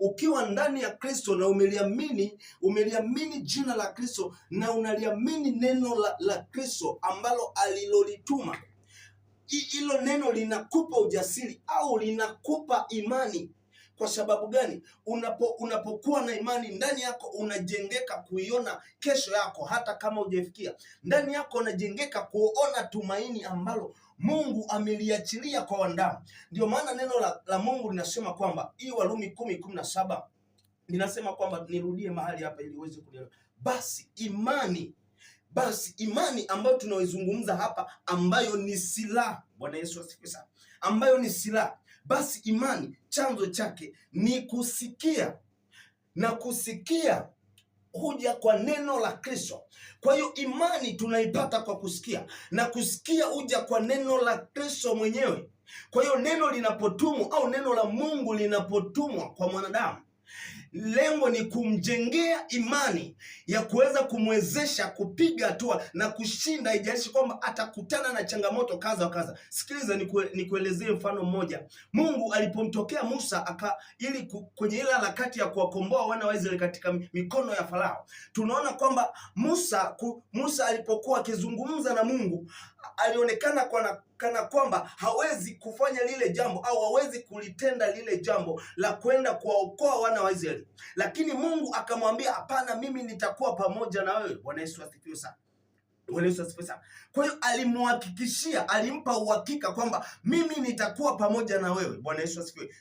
Ukiwa ndani ya Kristo na umeliamini umeliamini jina la Kristo na unaliamini neno la, la Kristo ambalo alilolituma, hilo neno linakupa ujasiri au linakupa imani kwa sababu gani? Unapo, unapokuwa na imani ndani yako unajengeka kuiona kesho yako hata kama hujafikia. Ndani yako unajengeka kuona tumaini ambalo Mungu ameliachilia kwa wandamu Ndio maana neno la, la Mungu linasema kwamba hii Warumi kumi kumi na saba linasema kwamba, nirudie mahali hapa ili uweze kuelewa. Basi imani basi imani ambayo tunaoizungumza hapa, ambayo ni silaha. Bwana Yesu asifiwe sana, ambayo ni silaha basi imani chanzo chake ni kusikia, na kusikia huja kwa neno la Kristo. Kwa hiyo imani tunaipata kwa kusikia, na kusikia huja kwa neno la Kristo mwenyewe. Kwa hiyo neno linapotumwa au neno la Mungu linapotumwa kwa mwanadamu lengo ni kumjengea imani ya kuweza kumwezesha kupiga hatua na kushinda, ijaishi kwamba atakutana na changamoto kaza wa kaza Sikiliza nikuelezee ni mfano mmoja. Mungu alipomtokea Musa aka ili kwenye ile harakati ya kuwakomboa wana wa Israeli katika mikono ya Farao, tunaona kwamba Musa ku, Musa alipokuwa akizungumza na Mungu alionekana kana, kana kwamba hawezi kufanya lile jambo au hawezi kulitenda lile jambo la kwenda kuwaokoa wana wa Israeli kweli, lakini Mungu akamwambia hapana, mimi nitakuwa pamoja na wewe. Bwana Yesu asifiwe sana. Kwa hiyo alimhakikishia, alimpa uhakika kwamba mimi nitakuwa pamoja na wewe. Bwana Yesu asifiwe.